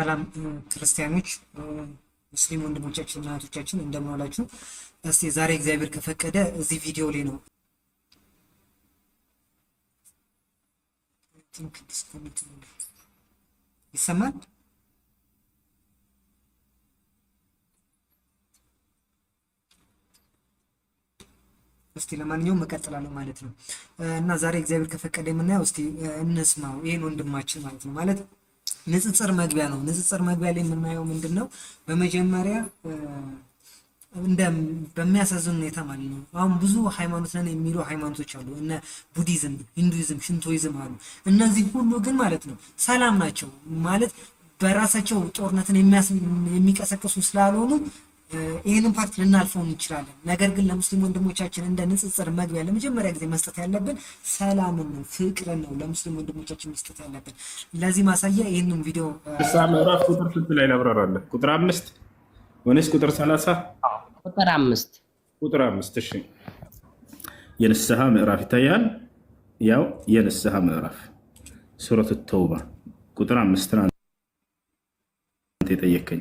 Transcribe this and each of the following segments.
ሰላም ክርስቲያኖች፣ ሙስሊም ወንድሞቻችን እና እህቶቻችን እንደምን ዋላችሁ? እስቲ ዛሬ እግዚአብሔር ከፈቀደ እዚህ ቪዲዮ ላይ ነው ይሰማል። እስቲ ለማንኛውም እቀጥላለሁ ማለት ነው እና ዛሬ እግዚአብሔር ከፈቀደ የምናየው እስቲ እንስማው ይህን ወንድማችን ማለት ነው ማለት ንጽጽር መግቢያ ነው። ንጽጽር መግቢያ ላይ የምናየው ምንድን ነው? በመጀመሪያ እንደ በሚያሳዝን ሁኔታ ማለት ነው። አሁን ብዙ ሃይማኖት ነን የሚሉ ሃይማኖቶች አሉ። እነ ቡዲዝም፣ ሂንዱይዝም፣ ሽንቶይዝም አሉ። እነዚህ ሁሉ ግን ማለት ነው ሰላም ናቸው ማለት በራሳቸው ጦርነትን የሚቀሰቅሱ ስላልሆኑ ይህንን ፓርት ልናልፈው እንችላለን። ነገር ግን ለሙስሊም ወንድሞቻችን እንደ ንጽጽር መግቢያ ለመጀመሪያ ጊዜ መስጠት ያለብን ሰላምን ነው፣ ፍቅርን ነው ለሙስሊም ወንድሞቻችን መስጠት ያለብን። ለዚህ ማሳያ ይህንም ቪዲዮ ምዕራፍ ቁጥር ስንት ላይ ላብራራለህ? ቁጥር አምስት ወይስ ቁጥር ሰላሳ ቁጥር አምስት ቁጥር አምስት እሺ። የንስሐ ምዕራፍ ይታያል። ያው የንስሐ ምዕራፍ ሱረት ተውባ ቁጥር አምስት ናንተ የጠየከኝ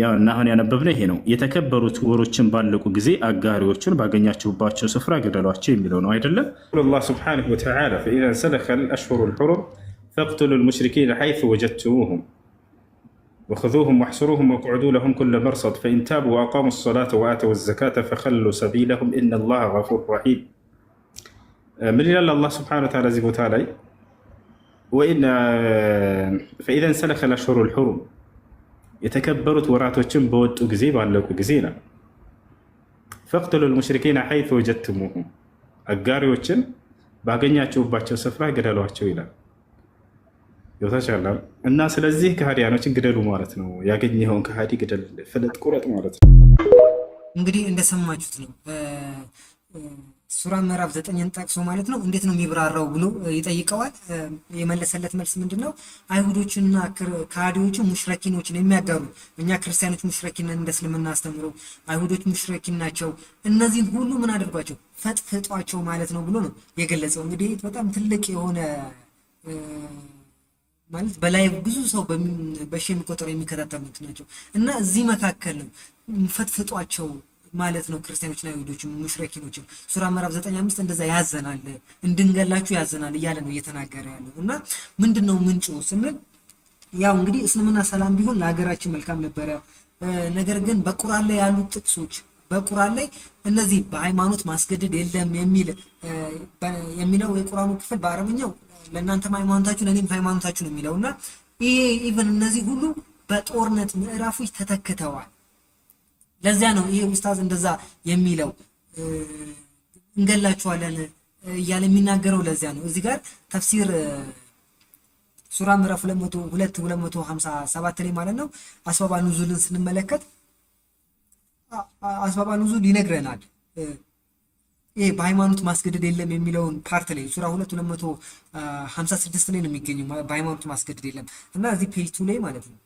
ያው እና አሁን ያነበብነው ይሄ ነው። የተከበሩት ወሮችን ባለቁ ጊዜ አጋሪዎቹን ባገኛችሁባቸው ስፍራ ገደሏቸው የሚለው ነው አይደለም። ላ ስብሓነሁ ወተዓላ ፈኢዛ ሰለኸ አሽሁሩ ልሑሩም ፈቅትሉ ልሙሽሪኪን ሐይሱ ወጀድቱሙሁም ወኹዙሁም ወሕሱሩሁም ወቅዕዱ ለሁም ኩለ መርሰድ ፈኢን ታቡ ወአቃሙ ሰላተ ወአተው ዘካተ ፈኸሉ ሰቢለሁም ኢነ ላሃ ገፉር ረሒም። ምን ይላል አላህ ስብሓነሁ ወተዓላ እዚህ ቦታ ላይ ወኢን ፈኢዛ ሰለኸ አሽሁሩ ልሑሩም የተከበሩት ወራቶችን በወጡ ጊዜ ባለቁ ጊዜ ነው። ፈቅትሉ ልሙሽሪኪን ሐይት ወጀትሙሁም አጋሪዎችን ባገኛችሁባቸው ስፍራ ግደሏቸው ይላል። ይወታችላል እና ስለዚህ ከሃዲያኖችን ግደሉ ማለት ነው። ያገኘኸውን ከሃዲ ግደል፣ ፍለጥ፣ ቁረጥ ማለት ነው። እንግዲህ እንደሰማችሁት ነው። ሱራ ምዕራፍ ዘጠኝን ጠቅሶ ማለት ነው እንዴት ነው የሚብራራው ብሎ ይጠይቀዋል። የመለሰለት መልስ ምንድን ነው? አይሁዶችንና ከሃዲዎችን ሙሽረኪኖችን የሚያጋሩ እኛ ክርስቲያኖች ሙሽረኪን እንደ እስልምና አስተምሮ አይሁዶች ሙሽረኪን ናቸው፣ እነዚህን ሁሉ ምን አድርጓቸው ፈጥፍጧቸው ማለት ነው ብሎ ነው የገለጸው። እንግዲህ በጣም ትልቅ የሆነ ማለት በላይ ብዙ ሰው በሺ የሚቆጠሩ የሚከታተሉት ናቸው እና እዚህ መካከል ነው ፈጥፍጧቸው ማለት ነው። ክርስቲያኖችና ይሁዶችም ሙሽረኪኖችም ሱራ ምዕራፍ ዘጠኝ አምስት እንደዛ ያዘናል፣ እንድንገላችሁ ያዘናል እያለ ነው እየተናገረ ያለው እና ምንድን ነው ምንጩ ስንል ያው እንግዲህ እስልምና ሰላም ቢሆን ለሀገራችን መልካም ነበረ። ነገር ግን በቁርአን ላይ ያሉ ጥቅሶች በቁርአን ላይ እነዚህ በሃይማኖት ማስገደድ የለም የሚል የሚለው የቁርአኑ ክፍል በአረብኛው ለእናንተም ሃይማኖታችሁ ለእኔም ሃይማኖታችሁ ነው የሚለው እና ይሄ ኢቨን እነዚህ ሁሉ በጦርነት ምዕራፎች ተተክተዋል። ለዚያ ነው ይሄ ኡስታዝ እንደዛ የሚለው እንገላችኋለን እያለ የሚናገረው ለዚያ ነው። እዚህ ጋር ተፍሲር ሱራ ምዕራፍ 2 257 ላይ ማለት ነው አስባባ ኑዙልን ስንመለከት አስባባ ኑዙል ይነግረናል። ይሄ በሃይማኖት ማስገደድ የለም የሚለውን ፓርት ላይ ሱራ 2 256 ላይ ነው የሚገኘው። በሃይማኖት ማስገደድ የለም እና እዚህ ፔጅ 2 ላይ ማለት ነው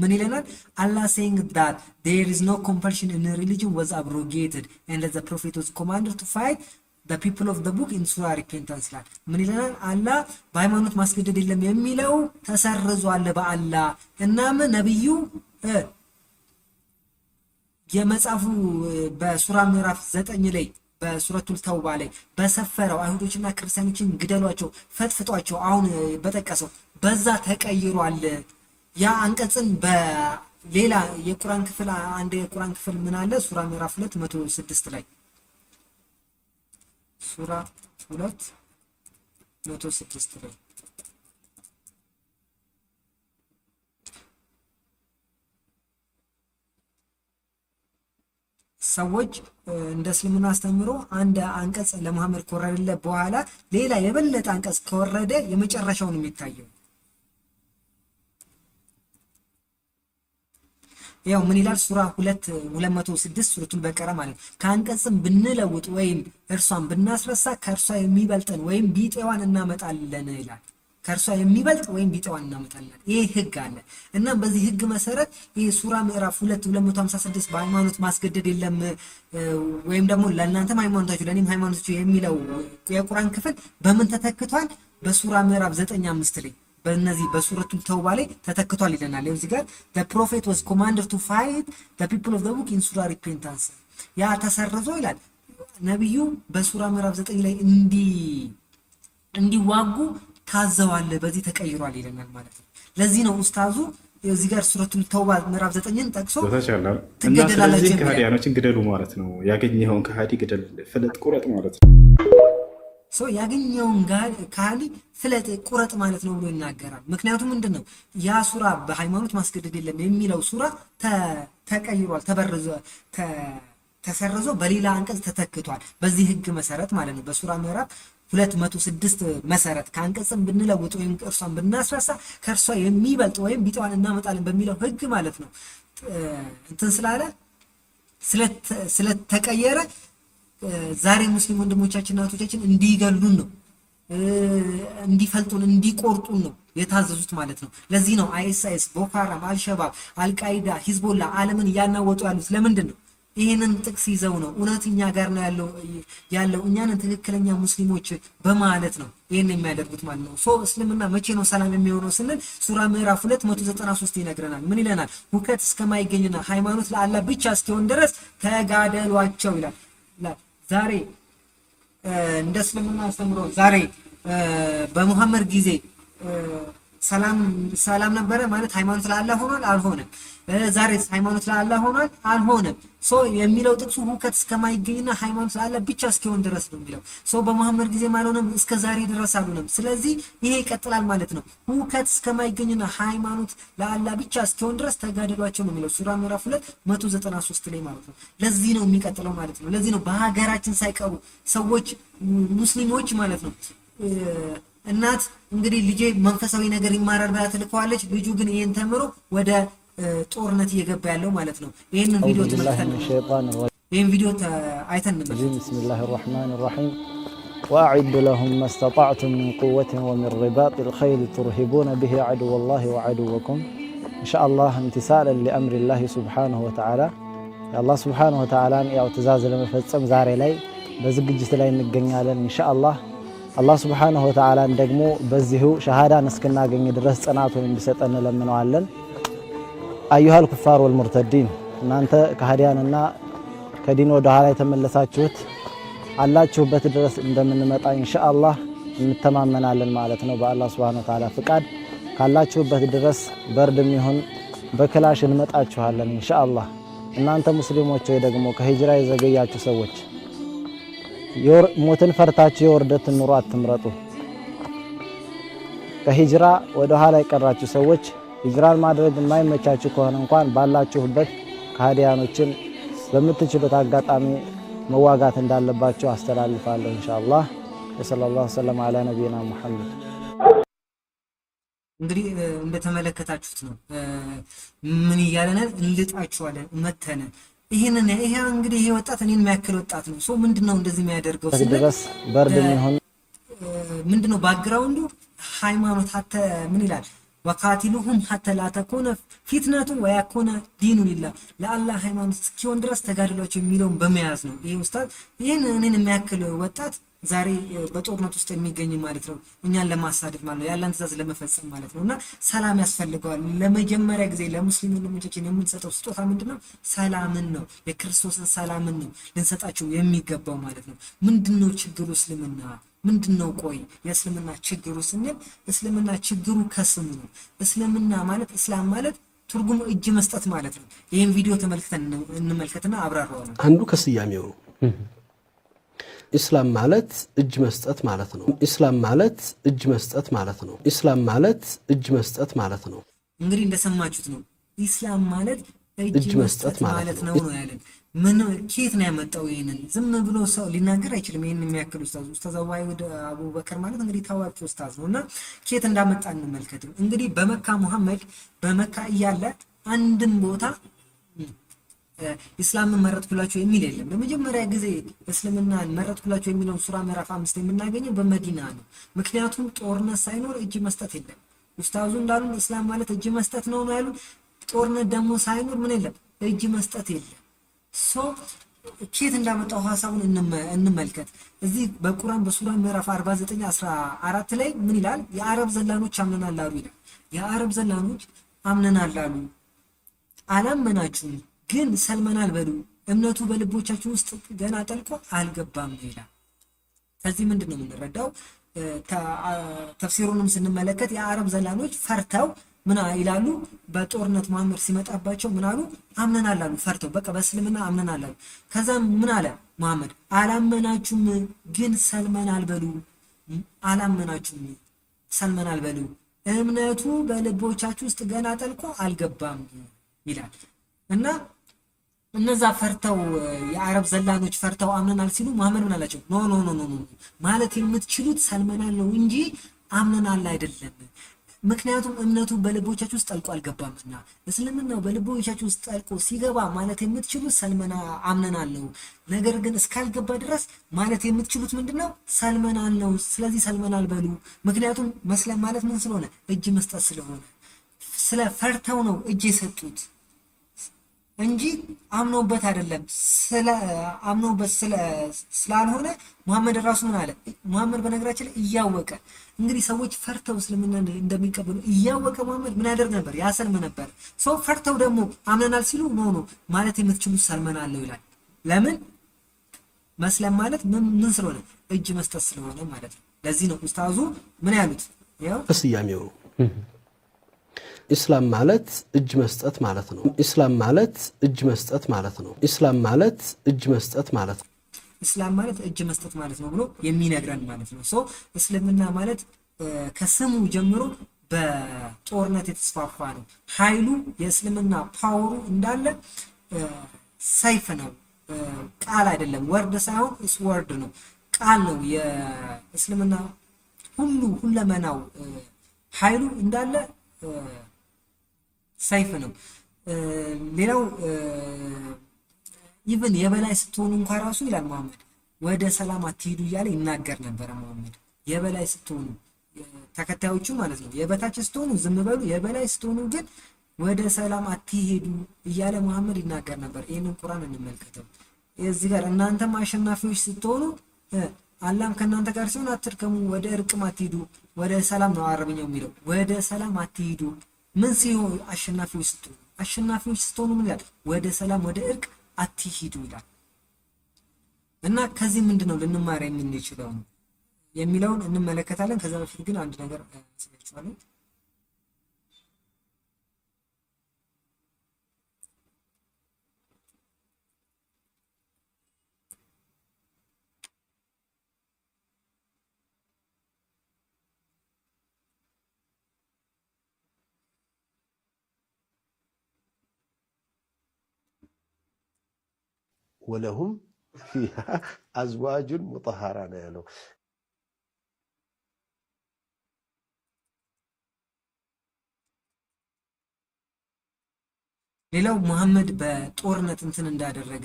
ምን ይለናል? አላህ ሴይንግ ዳት ዜር ኢዝ ኖ ኮምፐልሽን ኢን ሪሊጅን ዋዝ አብሮጌትድ ኤንድ ዘ ፕሮፌት ዋዝ ኮማንድድ ቱ ፋይት ዘ ፒፕል ኦፍ ዘ ቡክ ኢን ሱራ ሪፔንታንስ ይላል። ምን ይለናል? አላህ በሃይማኖት ማስገደድ የለም የሚለው ተሰርዟል በአላ እናም ነቢዩ የመጽሐፉ በሱራ ምዕራፍ ዘጠኝ ላይ በሱረቱል ተውባ ላይ በሰፈረው አይሁዶችና ክርስቲያኖችን ግደሏቸው፣ ፈጥፍጧቸው አሁን በጠቀሰው በዛ ተቀይሯል። ያ አንቀጽን በሌላ የቁራን ክፍል አንድ የቁራን ክፍል ምን አለ? ሱራ ምዕራፍ 2 106 ላይ ሱራ 2 106 ላይ ሰዎች እንደ እስልምና አስተምሮ አንድ አንቀጽ ለመሐመድ ከወረደለት በኋላ ሌላ የበለጠ አንቀጽ ከወረደ የመጨረሻውን የሚታየው ያው ምን ይላል ሱራ 2 206 ሱረቱል በቀራ ማለት ከአንቀጽም ብንለውጥ ወይም እርሷን ብናስረሳ ከእርሷ የሚበልጥን ወይም ቢጤዋን እናመጣለን ይላል። ከእርሷ የሚበልጥ ወይም ቢጤዋን እናመጣለን። ይህ ህግ አለ እና በዚህ ህግ መሰረት ይህ ሱራ ምዕራፍ 2 256 በሃይማኖት ማስገደድ የለም ወይም ደግሞ ለእናንተም ሃይማኖታችሁ ለእኔም ሃይማኖታችሁ የሚለው የቁራን ክፍል በምን ተተክቷል? በሱራ ምዕራፍ 5 ላይ በእነዚህ በሱረቱን ተውባ ላይ ተተክቷል ይለናል። ይኸው እዚህ ጋር the prophet was commanded to fight the people of the book in surah repentance ያ ተሰረዞ ይላል ነብዩ በሱራ ምዕራፍ ዘጠኝ ላይ እንዲ እንዲዋጉ ታዘዋል። በዚህ ተቀይሯል ይለናል ማለት ነው። ለዚህ ነው ኡስታዙ እዚህ ጋር ሱረቱን ተውባ ምዕራፍ ዘጠኝን ጠቅሶ ትገደላላችሁ። ከሃዲያኖችን ግደሉ ማለት ነው። ያገኘኸውን ከሃዲ ግደል፣ ፍለጥ፣ ቁረጥ ማለት ነው። ሰው ያገኘውን ካህሊ ፍለጥ ቁረጥ ማለት ነው ብሎ ይናገራል። ምክንያቱም ምንድን ነው ያ ሱራ በሃይማኖት ማስገደድ የለም የሚለው ሱራ ተቀይሯል፣ ተበረዘ፣ ተሰርዞ በሌላ አንቀጽ ተተክቷል። በዚህ ህግ መሰረት ማለት ነው በሱራ ምዕራፍ 206 መሰረት ከአንቀጽን ብንለውጥ ወይም እርሷን ብናስረሳ ከእርሷ የሚበልጥ ወይም ቢጠዋን እናመጣለን በሚለው ህግ ማለት ነው እንትን ስላለ ስለተቀየረ ዛሬ ሙስሊም ወንድሞቻችን እናቶቻችን እንዲገሉን ነው እንዲፈልጡን እንዲቆርጡን ነው የታዘዙት ማለት ነው። ለዚህ ነው አይኤስአይኤስ፣ ቦኮ ሃራም፣ አልሸባብ፣ አልቃይዳ፣ ሂዝቦላ ዓለምን እያናወጡ ያሉት። ለምንድን ነው? ይህንን ጥቅስ ይዘው ነው እውነትኛ ጋር ነው ያለው ያለው እኛንን ትክክለኛ ሙስሊሞች በማለት ነው ይህን የሚያደርጉት ማለት ነው። ሶ እስልምና መቼ ነው ሰላም የሚሆነው ስንል ሱራ ምዕራፍ 293 ይነግረናል። ምን ይለናል? ሁከት እስከማይገኝና ሃይማኖት ለአላህ ብቻ እስኪሆን ድረስ ተጋደሏቸው ይላል። ዛሬ እንደ እስልምና አስተምሮ ዛሬ በሙሐመድ ጊዜ ሰላም ነበረ ማለት ሃይማኖት ለአላህ ሆኗል አልሆነም። ዛሬ ሃይማኖት ለአላህ ሆኗል አልሆነም። ሶ የሚለው ጥቅሱ ሁከት እስከማይገኝና ሃይማኖት ለአላህ ብቻ እስኪሆን ድረስ ነው የሚለው። ሶ በመሐመድ ጊዜም አልሆነም፣ እስከ ዛሬ ድረስ አልሆነም። ስለዚህ ይሄ ይቀጥላል ማለት ነው። ሁከት እስከማይገኝና ሃይማኖት ለአላ ብቻ እስኪሆን ድረስ ተጋደሏቸው ነው የሚለው ሱራ ምዕራፍ 2 193 ላይ ማለት ነው። ለዚህ ነው የሚቀጥለው ማለት ነው። ለዚህ ነው በሀገራችን ሳይቀሩ ሰዎች ሙስሊሞች ማለት ነው እናት እንግዲህ ልጄ መንፈሳዊ ነገር ይማራል ብላ ትልከዋለች። ልጁ ግን ይህን ተምሮ ወደ ጦርነት እየገባ ያለው ማለት ነው። ይህንን ቪዲዮ ይህን ቪዲዮ አይተን ብስሚላህ ራህማን ራሒም ወአዒዱ ለሁም መስተጣዕቱም ምን ቁወትን ወምን ሪባጥ ልኸይል ቱርሂቡነ ብሂ ዓድወ ላሂ ወዓድወኩም እንሻአላህ እምትሳለን ሊአምሪላሂ ሱብሓነሁ ወተዓላ የአላህ ሱብሓነሁ ወተዓላን ያው ትእዛዝ ለመፈጸም ዛሬ ላይ በዝግጅት ላይ እንገኛለን እንሻአላህ አላህ ስብሓነሁ ወተዓላን ደግሞ በዚሁ ሸሃዳን እስክናገኝ ድረስ ጽናቱን እንዲሰጠን እንለምነዋለን። አዩሃል ኩፋር ወልሙርተዲን፣ እናንተ ከሃዲያንና ከዲን ወደ ኋላ የተመለሳችሁት አላችሁበት ድረስ እንደምንመጣ ኢንሻአላህ እንተማመናለን ማለት ነው። በአላህ ስብሓነሁ ወተዓላ ፍቃድ ካላችሁበት ድረስ በርድም ይሁን በክላሽ እንመጣችኋለን ኢንሻአላህ። እናንተ ሙስሊሞች ደግሞ ከሂጅራ የዘገያችሁ ሰዎች ሞትን ፈርታችሁ የውርደትን ኑሮ አትምረጡ። ከሂጅራ ወደ ኋላ የቀራችሁ ሰዎች ሂጅራን ማድረግ የማይመቻችሁ ከሆነ እንኳን ባላችሁበት ከሃዲያኖችን በምትችሉት አጋጣሚ መዋጋት እንዳለባቸው አስተላልፋለሁ። ኢንሻአላህ ወሰለላሁ ሰለም አላ ነቢይና ሙሐመድ። እንግዲህ እንደተመለከታችሁት ነው። ምን እያለነ እንልጣችኋለን መተነ ይህንን ይሄ እንግዲህ ይሄ ወጣት እኔን የሚያክል ወጣት ነው። ሰው ምንድን ነው እንደዚህ የሚያደርገው? ድረስ በርድ የሚሆን ምንድን ነው ባግራውንዱ ሃይማኖት ሀተ ምን ይላል? ወካቲሉሁም ሀተ ላተኮነ ፊትነቱ ወያኮነ ዲኑ ሊላ ለአላህ ሃይማኖት እስኪሆን ድረስ ተጋድሏቸው የሚለውን በመያዝ ነው። ይሄ ውስጣት ይህን እኔን የሚያክል ወጣት ዛሬ በጦርነት ውስጥ የሚገኝ ማለት ነው። እኛን ለማሳደድ ማለት ነው፣ ያለን ትእዛዝ ለመፈጸም ማለት ነው። እና ሰላም ያስፈልገዋል። ለመጀመሪያ ጊዜ ለሙስሊም ወንድሞቻችን የምንሰጠው ስጦታ ምንድን ነው? ሰላምን ነው። የክርስቶስን ሰላምን ነው ልንሰጣቸው የሚገባው ማለት ነው። ምንድን ነው ችግሩ? እስልምና ምንድን ነው? ቆይ የእስልምና ችግሩ ስንል እስልምና ችግሩ ከስሙ ነው። እስልምና ማለት እስላም ማለት ትርጉሙ እጅ መስጠት ማለት ነው። ይህም ቪዲዮ ተመልክተን እንመልከትና ነው አንዱ ከስያሜው ነው ኢስላም ማለት እጅ መስጠት ማለት ነው። ኢስላም ማለት እጅ መስጠት ማለት ነው። ኢስላም ማለት እጅ መስጠት ማለት ነው። እንግዲህ እንደሰማችሁት ነው። ኢስላም ማለት እጅ መስጠት ማለት ነው ነው ያለን። ምን ኬት ነው ያመጣው? ይህንን ዝም ብሎ ሰው ሊናገር አይችልም። ይህን የሚያክል ኡስታዝ ኡስታዝ ዋሂድ አቡበከር ማለት እንግዲህ ታዋቂ ኡስታዝ ነው እና ኬት እንዳመጣ እንመልከት። እንግዲህ በመካ ሙሐመድ በመካ እያለ አንድን ቦታ ኢስላምን መረጥኩላቸው የሚል የለም። ለመጀመሪያ ጊዜ እስልምና መረጥኩላቸው የሚለውን ሱራ ምዕራፍ አምስት የምናገኘው በመዲና ነው። ምክንያቱም ጦርነት ሳይኖር እጅ መስጠት የለም። ኡስታዙ እንዳሉን እስላም ማለት እጅ መስጠት ነው ነው ያሉን። ጦርነት ደግሞ ሳይኖር ምን የለም እጅ መስጠት የለም። ሶ ኬት እንዳመጣው ሀሳቡን እንመልከት። እዚህ በቁራን በሱራ ምዕራፍ 49 14 ላይ ምን ይላል? የአረብ ዘላኖች አምነናል አሉ ይላል። የአረብ ዘላኖች አምነናል አሉ አላመናችሁም ግን ሰልመናል በሉ እምነቱ በልቦቻችን ውስጥ ገና ጠልቆ አልገባም ይላል። ከዚህ ምንድን ነው የምንረዳው? ተፍሲሩንም ስንመለከት የአረብ ዘላኖች ፈርተው ምን ይላሉ? በጦርነት መሐመድ ሲመጣባቸው ምን አሉ? አምነናል አሉ። ፈርተው በቃ በእስልምና አምነናል አሉ። ከዛም ምን አለ መሐመድ? አላመናችሁም፣ ግን ሰልመናል በሉ። አላመናችሁም፣ ሰልመናል በሉ። እምነቱ በልቦቻችሁ ውስጥ ገና ጠልቆ አልገባም ይላል እና እነዛ ፈርተው የአረብ ዘላኖች ፈርተው አምነናል ሲሉ ማመን ምን አላቸው? ኖ ኖ ኖ ኖ ማለት የምትችሉት ሰልመናል ነው እንጂ አምነናል አይደለም። ምክንያቱም እምነቱ በልቦቻችሁ ውስጥ ጠልቆ አልገባምና፣ እስልምናው በልቦቻችሁ ውስጥ ጠልቆ ሲገባ ማለት የምትችሉት ሰልመና አምነናል ነው። ነገር ግን እስካልገባ ድረስ ማለት የምትችሉት ምንድን ነው? ሰልመናል ነው። ስለዚህ ሰልመናል በሉ። ምክንያቱም መስለም ማለት ምን ስለሆነ እጅ መስጠት ስለሆነ ስለ ፈርተው ነው እጅ የሰጡት። እንጂ አምኖበት አይደለም። አምኖበት ስላልሆነ መሐመድ ራሱ ምን አለ? መሐመድ በነገራችን ላይ እያወቀ እንግዲህ ሰዎች ፈርተው እስልምና እንደሚቀበሉ እያወቀ መሐመድ ምን ያደርግ ነበር? ያሰልም ነበር። ሰው ፈርተው ደግሞ አምነናል ሲሉ ነው ነው ማለት የምትችሉት ሰልመናለሁ ይላል። ለምን መስለም ማለት ምን ስለሆነ እጅ መስጠት ስለሆነ ማለት ነው። ለዚህ ነው ኡስታዙ ምን ያሉት ያው ስያሜው ኢስላም ማለት እጅ መስጠት ማለት ነው። ኢስላም ማለት እጅ መስጠት ማለት ነው። ኢስላም ማለት እጅ መስጠት ማለት ነው። ኢስላም ማለት እጅ መስጠት ማለት ነው ብሎ የሚነግረን ማለት ነው። ሰው እስልምና ማለት ከስሙ ጀምሮ በጦርነት የተስፋፋ ነው። ኃይሉ የእስልምና ፓወሩ እንዳለ ሰይፍ ነው። ቃል አይደለም፣ ወርድ ሳይሆን እስ ወርድ ነው፣ ቃል ነው። የእስልምና ሁሉ ሁለመናው ኃይሉ እንዳለ ሰይፍ ነው። ሌላው ኢቨን የበላይ ስትሆኑ እንኳ ራሱ ይላል መሐመድ ወደ ሰላም አትሄዱ እያለ ይናገር ነበረ። መሐመድ የበላይ ስትሆኑ ተከታዮቹ ማለት ነው፣ የበታች ስትሆኑ ዝም በሉ፣ የበላይ ስትሆኑ ግን ወደ ሰላም አትሄዱ እያለ መሐመድ ይናገር ነበር። ይህንን ቁራን እንመልከተው። እዚህ ጋር እናንተም አሸናፊዎች ስትሆኑ አላም ከእናንተ ጋር ሲሆን አትድከሙ፣ ወደ እርቅም አትሄዱ። ወደ ሰላም ነው አረብኛው የሚለው ወደ ሰላም አትሄዱ መንስኤው አሸናፊዎች ስትሆኑ አሸናፊዎች ስትሆኑ ምን ይላል? ወደ ሰላም ወደ እርቅ አትሂዱ ይላል እና ከዚህ ምንድነው ነው ልንማር የምንችለው የሚለውን እንመለከታለን። ከዛ በፊት ግን አንድ ነገር ስላችኋለሁ። ወለሁም አዝዋጁን ሙጠሃራ ነው ያለው። ሌላው መሐመድ በጦርነት እንትን እንዳደረገ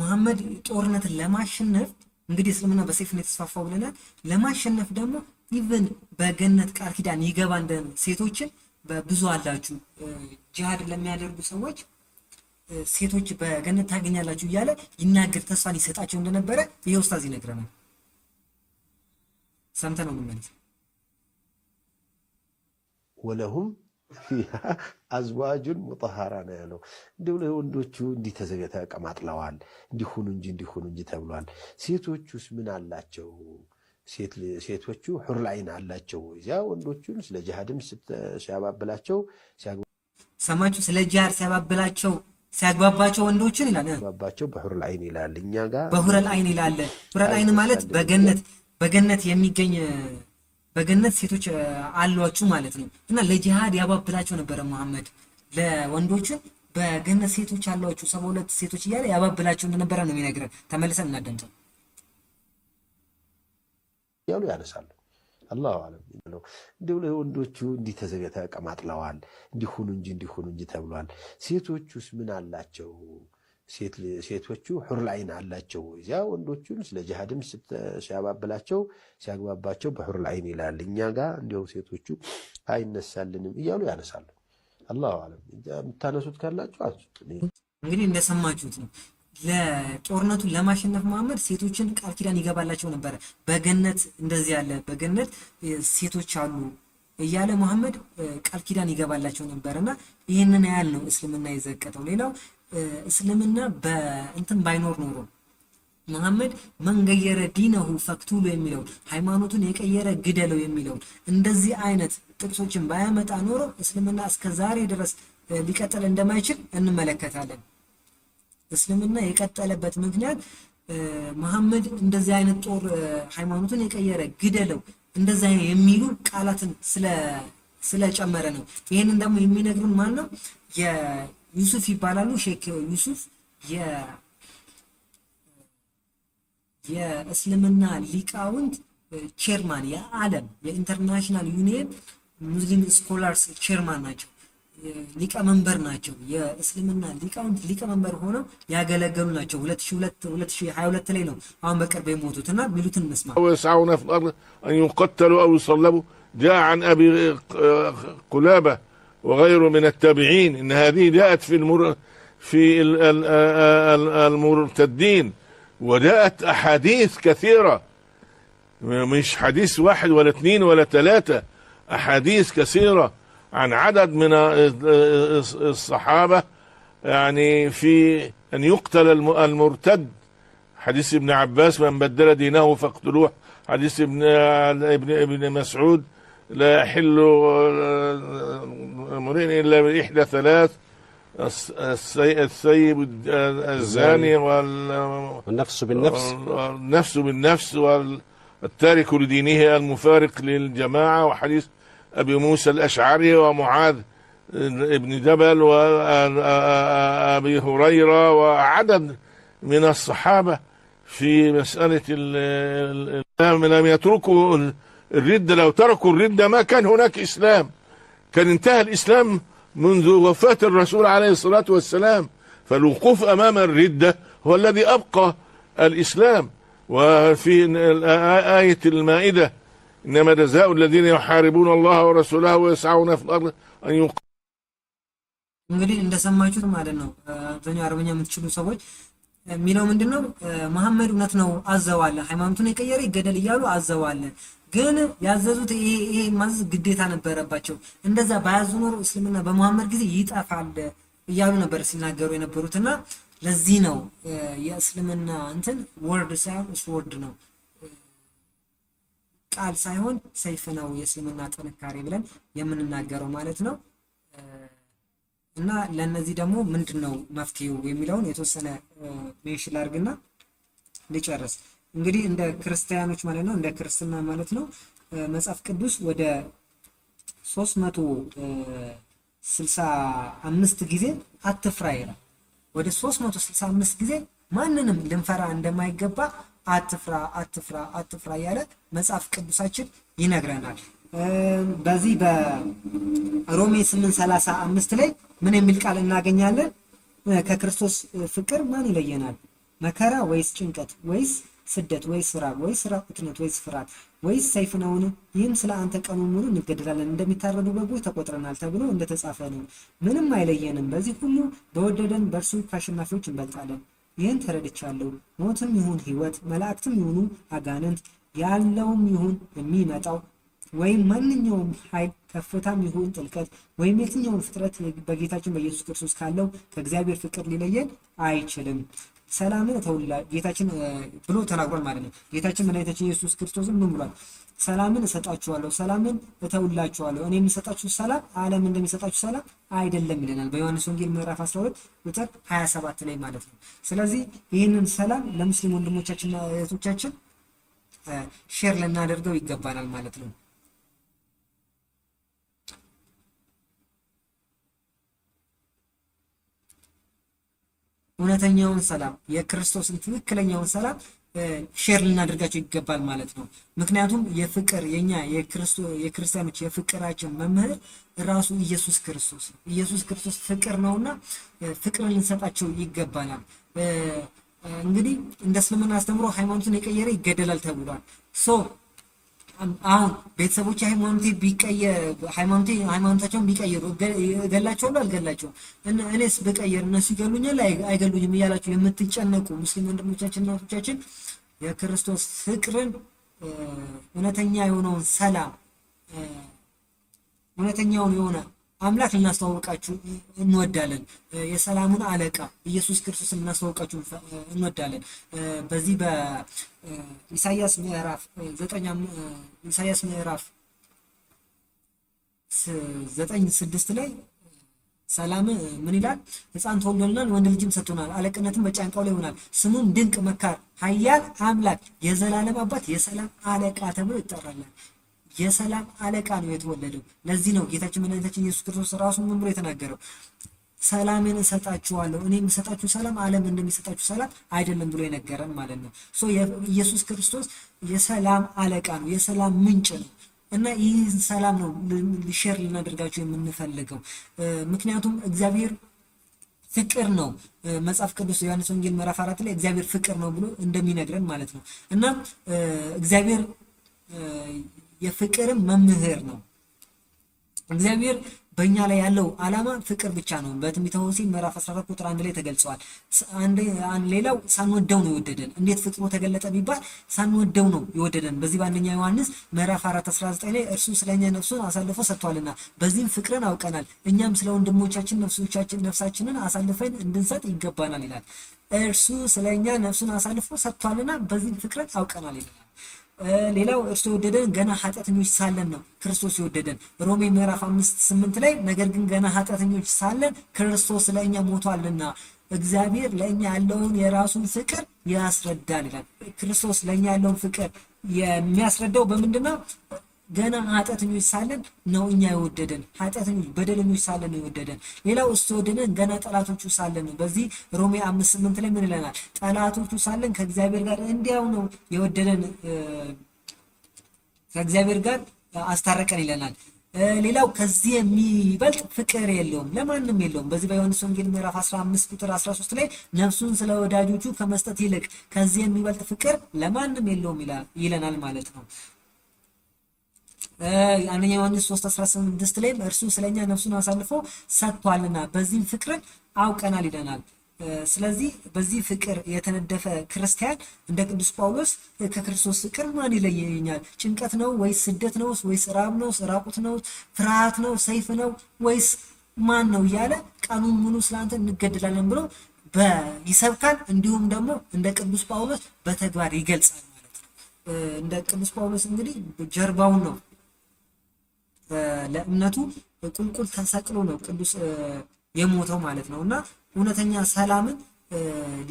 መሐመድ ጦርነትን ለማሸነፍ እንግዲህ እስልምና በሰይፍ ነው የተስፋፋው ብለናል። ለማሸነፍ ደግሞ ኢቨን በገነት ቃል ኪዳን ይገባ እንደ ሴቶችን በብዙ አላችሁ ጂሃድ ለሚያደርጉ ሰዎች ሴቶች በገነት ታገኛላችሁ እያለ ይናገር ተስፋ ሊሰጣቸው እንደነበረ ይሄ ኡስታዝ ይነግረናል። ሰምተ ነው የምንመለስ። ወለሁም ፊሃ አዝዋጁን ሙጠሃራ ነው ያለው። እንዲሁ ለወንዶቹ እንዲህ ተዘገተ ቀማጥለዋል፣ እንዲሁኑ እንጂ እንዲሁኑ እንጂ ተብሏል። ሴቶቹስ ምን አላቸው? ሴቶቹ ሑሩል ዐይን አላቸው። እዚያ ወንዶቹን ስለ ጂሃድም ሲያባብላቸው ሰማችሁ። ስለ ጂሃድ ሲያባብላቸው ሲያግባባቸው ወንዶችን ይላልባቸው ያግባባቸው ላይን ይላል። እኛ ጋር በሑሩል ላይን ይላል። ሑሩል ላይን ማለት በገነት በገነት የሚገኝ በገነት ሴቶች አሏችሁ ማለት ነው። እና ለጂሃድ ያባብላቸው ነበረ መሐመድ ለወንዶችን በገነት ሴቶች አሏችሁ ሰባ ሁለት ሴቶች እያለ ያባብላቸው እንደነበረ ነው የሚነግረን። ተመልሰን እናደምጠው። ያሉ ያነሳሉ። አላሁ አለም ነው። እንዲሁ ለወንዶቹ እንዲህ ተዘጋ ተቀማጥለዋል፣ እንዲሁኑ እንጂ እንዲሁኑ እንጂ ተብሏል። ሴቶቹስ ምን አላቸው? ሴቶቹ ሑሩል ላይን አላቸው። እዚያ ወንዶቹን ስለ ጅሃድም ሲያባብላቸው ሲያግባባቸው በሑሩል ላይን ይላል። እኛ ጋር እንዲሁም ሴቶቹ አይነሳልንም እያሉ ያነሳሉ። አላሁ አለም የምታነሱት ካላችሁ አንሱት። እንግዲህ እንደሰማችሁት ነው። ለጦርነቱን ለማሸነፍ መሐመድ ሴቶችን ቃል ኪዳን ይገባላቸው ነበረ። በገነት እንደዚህ ያለ በገነት ሴቶች አሉ እያለ መሐመድ ቃል ኪዳን ይገባላቸው ነበር እና ይህንን ያህል ነው እስልምና የዘቀጠው። ሌላው እስልምና በእንትን ባይኖር ኖሮ መሐመድ መንገየረ ዲነሁ ፈክቱሉ የሚለውን ሃይማኖቱን የቀየረ ግደለው የሚለውን እንደዚህ አይነት ጥቅሶችን ባያመጣ ኖሮ እስልምና እስከ ዛሬ ድረስ ሊቀጥል እንደማይችል እንመለከታለን። እስልምና የቀጠለበት ምክንያት መሐመድ እንደዚህ አይነት ጦር ሃይማኖትን የቀየረ ግደለው እንደዚህ የሚሉ ቃላትን ስለጨመረ ነው። ይህንን ደግሞ የሚነግሩን ማን ነው? የዩሱፍ ይባላሉ። ሼክ ዩሱፍ የእስልምና ሊቃውንት ቼርማን፣ የዓለም የኢንተርናሽናል ዩኒየን ሙስሊም ስኮላርስ ቼርማን ናቸው። ሊቀመንበር ናቸው። የእስልምና ሊቃውንት ሊቀመንበር ሆነው ያገለገሉ ናቸው። 2022 ላይ ነው አሁን በቅርብ የሞቱት እና የሚሉትን እንስማ። ወሳዑነ ፊል አርድ አን ዩቀተሉ አው ዩሰለቡ جاء عن أبي قلابة وغيره من التابعين إن هذه جاءت في المر في المرتدين وجاءت أحاديث كثيرة مش حديث واحد ولا اثنين ولا ثلاثة أحاديث كثيرة عن عدد من الصحابة يعني في أن يقتل المرتد حديث ابن عباس من بدل دينه فاقتلوه حديث ابن ابن ابن مسعود لا يحل امرئ الا باحدى ثلاث السيب الزاني والنفس بالنفس والنفس بالنفس والتارك لدينه المفارق للجماعه وحديث أبي موسى الأشعري ومعاذ ابن جبل وأبي آه، آه، آه، هريرة وعدد من الصحابة في مسألة لم يتركوا الردة لو تركوا الردة ما كان هناك إسلام كان انتهى الإسلام منذ وفاة الرسول عليه الصلاة والسلام فالوقوف أمام الردة هو الذي أبقى الإسلام وفي آية المائدة إنما جزاء الذين يحاربون الله ورسوله ويسعون في الأرض أن يقاتلوا እንግዲህ እንደሰማችሁት ማለት ነው። አብዛኛው አረበኛ የምትችሉ ሰዎች የሚለው ምንድን ነው? መሐመድ እውነት ነው አዘዋለ፣ ሃይማኖቱን የቀየረ ይገደል እያሉ አዘዋለ። ግን ያዘዙት ይሄ ማዘዝ ግዴታ ነበረባቸው። እንደዛ ባያዙ ኖሮ እስልምና በመሐመድ ጊዜ ይጠፋል እያሉ ነበር ሲናገሩ የነበሩትና ለዚህ ነው የእስልምና እንትን ወርድ ሳይሆን ስወርድ ነው ቃል ሳይሆን ሰይፍ ነው የእስልምና ጥንካሬ ብለን የምንናገረው ማለት ነው። እና ለእነዚህ ደግሞ ምንድን ነው መፍትሄው የሚለውን የተወሰነ ሜንሽን ላድርግና ልጨርስ። እንግዲህ እንደ ክርስቲያኖች ማለት ነው እንደ ክርስትና ማለት ነው መጽሐፍ ቅዱስ ወደ ሶስት መቶ ስልሳ አምስት ጊዜ አትፍራ ይላል። ወደ ሶስት መቶ ስልሳ አምስት ጊዜ ማንንም ልንፈራ እንደማይገባ አትፍራ አትፍራ አትፍራ እያለ መጽሐፍ ቅዱሳችን ይነግረናል። በዚህ በሮሜ 8:35 ላይ ምን የሚል ቃል እናገኛለን? ከክርስቶስ ፍቅር ማን ይለየናል? መከራ ወይስ ጭንቀት ወይስ ስደት ወይስ ራብ ወይስ ራቁትነት ወይስ ፍርሃት ወይስ ሰይፍ ነውን? ይህም ስለ አንተ ቀኑን ሙሉ እንገደላለን፣ እንደሚታረዱ በጎች ተቆጥረናል ተብሎ እንደተጻፈ ነው። ምንም አይለየንም። በዚህ ሁሉ በወደደን በእርሱ ከአሸናፊዎች እንበልጣለን። ይህን ተረድቻለሁ። ሞትም ይሁን ሕይወት፣ መላእክትም ይሁኑ አጋንንት፣ ያለውም ይሁን የሚመጣው ወይም ማንኛውም ኃይል ከፍታም ይሁን ጥልቀት ወይም የትኛውን ፍጥረት በጌታችን በኢየሱስ ክርስቶስ ካለው ከእግዚአብሔር ፍቅር ሊለየን አይችልም። ሰላምን እተውላ ጌታችን ብሎ ተናግሯል ማለት ነው። ጌታችን መድኃኒታችን ኢየሱስ ክርስቶስም ምን ብሏል? ሰላምን እሰጣችኋለሁ፣ ሰላምን እተውላችኋለሁ። እኔ የሚሰጣችሁ ሰላም ዓለም እንደሚሰጣችሁ ሰላም አይደለም ይለናል በዮሐንስ ወንጌል ምዕራፍ 12 ቁጥር 27 ላይ ማለት ነው። ስለዚህ ይህንን ሰላም ለሙስሊም ወንድሞቻችንና እህቶቻችን ሼር ልናደርገው ይገባናል ማለት ነው። እውነተኛውን ሰላም የክርስቶስን ትክክለኛውን ሰላም ሼር ልናደርጋቸው ይገባል ማለት ነው። ምክንያቱም የፍቅር የኛ የክርስቲያኖች የፍቅራችን መምህር ራሱ ኢየሱስ ክርስቶስ ነው። ኢየሱስ ክርስቶስ ፍቅር ነውና ፍቅር ልንሰጣቸው ይገባናል። እንግዲህ እንደ እስልምና አስተምሮ ሃይማኖትን የቀየረ ይገደላል ተብሏል። አሁን ቤተሰቦች ሃይማኖቴ ቢቀየር ሃይማኖቴ ሃይማኖታቸውን ቢቀየሩ እገላቸዋለሁ አልገላቸውም? እኔስ ብቀየር እነሱ ይገሉኛል አይገሉኝም? እያላችሁ የምትጨነቁ ሙስሊም ወንድሞቻችን እና እህቶቻችን የክርስቶስ ፍቅርን እውነተኛ የሆነውን ሰላም እውነተኛውን የሆነ አምላክ ልናስተዋውቃችሁ እንወዳለን። የሰላሙን አለቃ ኢየሱስ ክርስቶስን ልናስተዋውቃችሁ እንወዳለን። በዚህ በኢሳያስ ምዕራፍ ዘጠኝ ኢሳያስ ምዕራፍ ዘጠኝ ስድስት ላይ ሰላም ምን ይላል? ሕፃን ተወልዶልናል፣ ወንድ ልጅም ሰጥቶናል፣ አለቅነትም በጫንቃው ላይ ይሆናል። ስሙም ድንቅ መካር፣ ኃያል አምላክ፣ የዘላለም አባት፣ የሰላም አለቃ ተብሎ ይጠራል። የሰላም አለቃ ነው የተወለደው። ለዚህ ነው ጌታችን መድኃኒታችን ኢየሱስ ክርስቶስ ራሱ ምን ብሎ የተናገረው? ሰላምን እሰጣችኋለሁ እኔ የምሰጣችሁ ሰላም ዓለም እንደሚሰጣችሁ ሰላም አይደለም ብሎ የነገረን ማለት ነው። ሶ ኢየሱስ ክርስቶስ የሰላም አለቃ ነው፣ የሰላም ምንጭ ነው። እና ይህ ሰላም ነው ሼር ልናደርጋቸው የምንፈልገው ምክንያቱም እግዚአብሔር ፍቅር ነው። መጽሐፍ ቅዱስ ዮሐንስ ወንጌል ምዕራፍ አራት ላይ እግዚአብሔር ፍቅር ነው ብሎ እንደሚነግረን ማለት ነው እና እግዚአብሔር የፍቅርም መምህር ነው። እግዚአብሔር በእኛ ላይ ያለው ዓላማ ፍቅር ብቻ ነው። በትንቢተ ሆሴዕ ምዕራፍ 14 ቁጥር አንድ ላይ ተገልጿል። ሌላው ሳንወደው ነው የወደደን። እንዴት ፍቅሩ ተገለጠ ቢባል ሳንወደው ነው የወደደን። በዚህ በአንደኛ ዮሐንስ ምዕራፍ 4 19 ላይ እርሱ ስለኛ ነፍሱን አሳልፎ ሰጥቷልና በዚህም ፍቅርን አውቀናል፣ እኛም ስለ ወንድሞቻችን ነፍሶቻችን ነፍሳችንን አሳልፈን እንድንሰጥ ይገባናል ይላል። እርሱ ስለኛ ነፍሱን አሳልፎ ሰጥቷልና በዚህም ፍቅርን አውቀናል ይላል። ሌላው እርሱ የወደደን ገና ኃጢአተኞች ሳለን ነው ክርስቶስ የወደደን ሮሜ ምዕራፍ አምስት ስምንት ላይ ነገር ግን ገና ኃጢአተኞች ሳለን ክርስቶስ ለእኛ ሞቷልና እግዚአብሔር ለእኛ ያለውን የራሱን ፍቅር ያስረዳል ይላል። ክርስቶስ ለእኛ ያለውን ፍቅር የሚያስረዳው በምንድን ነው? ገና ኃጢአተኞች ሳለን ነው እኛ የወደደን። ኃጢአተኞች በደለኞች ሳለን ነው የወደደን። ሌላው እሱ ወደደን ገና ጠላቶቹ ሳለን ነው። በዚህ ሮሜ አምስት ስምንት ላይ ምን ይለናል? ጠላቶቹ ሳለን ከእግዚአብሔር ጋር እንዲያው ነው የወደደን፣ ከእግዚአብሔር ጋር አስታረቀን ይለናል። ሌላው ከዚህ የሚበልጥ ፍቅር የለውም ለማንም የለውም። በዚህ በዮሐንስ ወንጌል ምዕራፍ 15 ቁጥር 13 ላይ ነፍሱን ስለ ወዳጆቹ ከመስጠት ይልቅ ከዚህ የሚበልጥ ፍቅር ለማንም የለውም ይለናል ማለት ነው። አንደኛ ዮሐንስ 3 16 ላይ እርሱ ስለኛ ነፍሱን አሳልፎ ሰጥቷልና በዚህም ፍቅርን አውቀናል ይለናል። ስለዚህ በዚህ ፍቅር የተነደፈ ክርስቲያን እንደ ቅዱስ ጳውሎስ ከክርስቶስ ፍቅር ማን ይለየኛል? ጭንቀት ነው ወይስ ስደት ነው ወይስ ራብ ነው ራቁት ነው ፍርሃት ነው ሰይፍ ነው ወይስ ማን ነው እያለ ቀኑን ሙሉ ስለአንተ እንገደላለን ብሎ ይሰብካል። እንዲሁም ደግሞ እንደ ቅዱስ ጳውሎስ በተግባር ይገልጻል ማለት ነው። እንደ ቅዱስ ጳውሎስ እንግዲህ ጀርባውን ነው ለእምነቱ ቁልቁል ተሰቅሎ ነው ቅዱስ የሞተው ማለት ነው እና እውነተኛ ሰላምን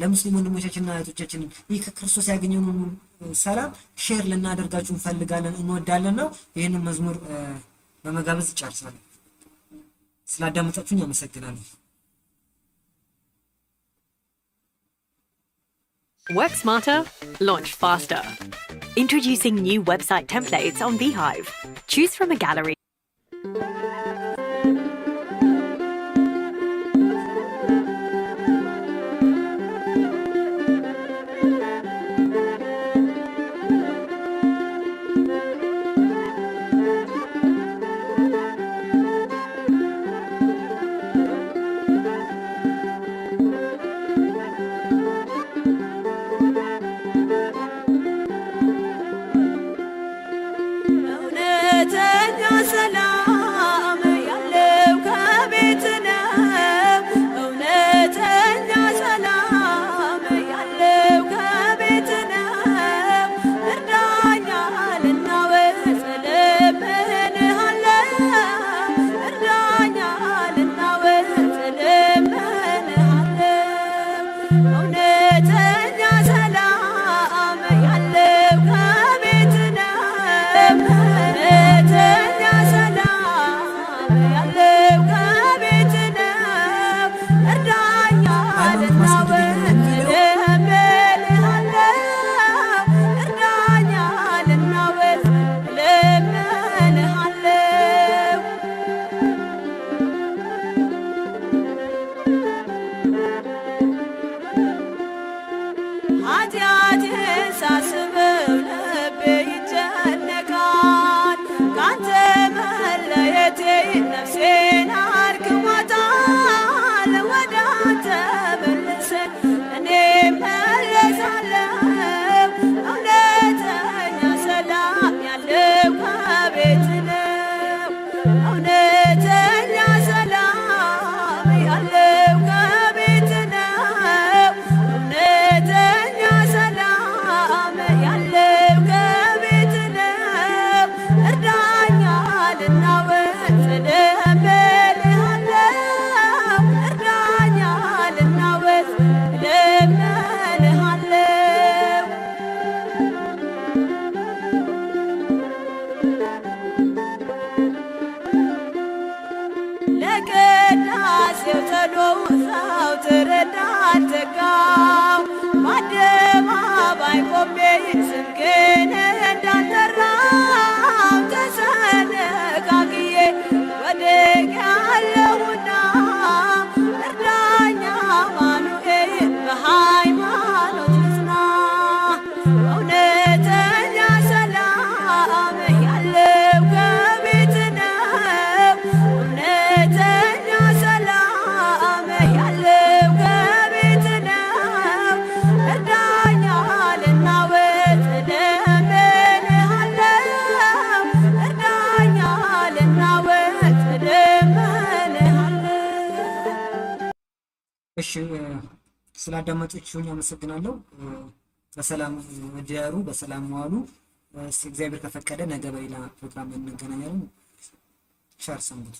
ለሙስሊም ወንድሞቻችንና እህቶቻችን ይህ ከክርስቶስ ያገኘውን ሰላም ሼር ልናደርጋችሁ እንፈልጋለን እንወዳለን ነው። ይህንን መዝሙር በመጋበዝ ይጨርሳል። ስላዳመጣችሁን አመሰግናለሁ። Work smarter, launch faster. Introducing new website templates on Beehive. Choose from a gallery. Música better ስለ አዳማጮች ስላዳመጣችሁኝ አመሰግናለሁ። በሰላም እደሩ፣ በሰላም ዋሉ። እግዚአብሔር ከፈቀደ ነገ በሌላ ፕሮግራም እንገናኛለን። ቸር ሰንብቱ።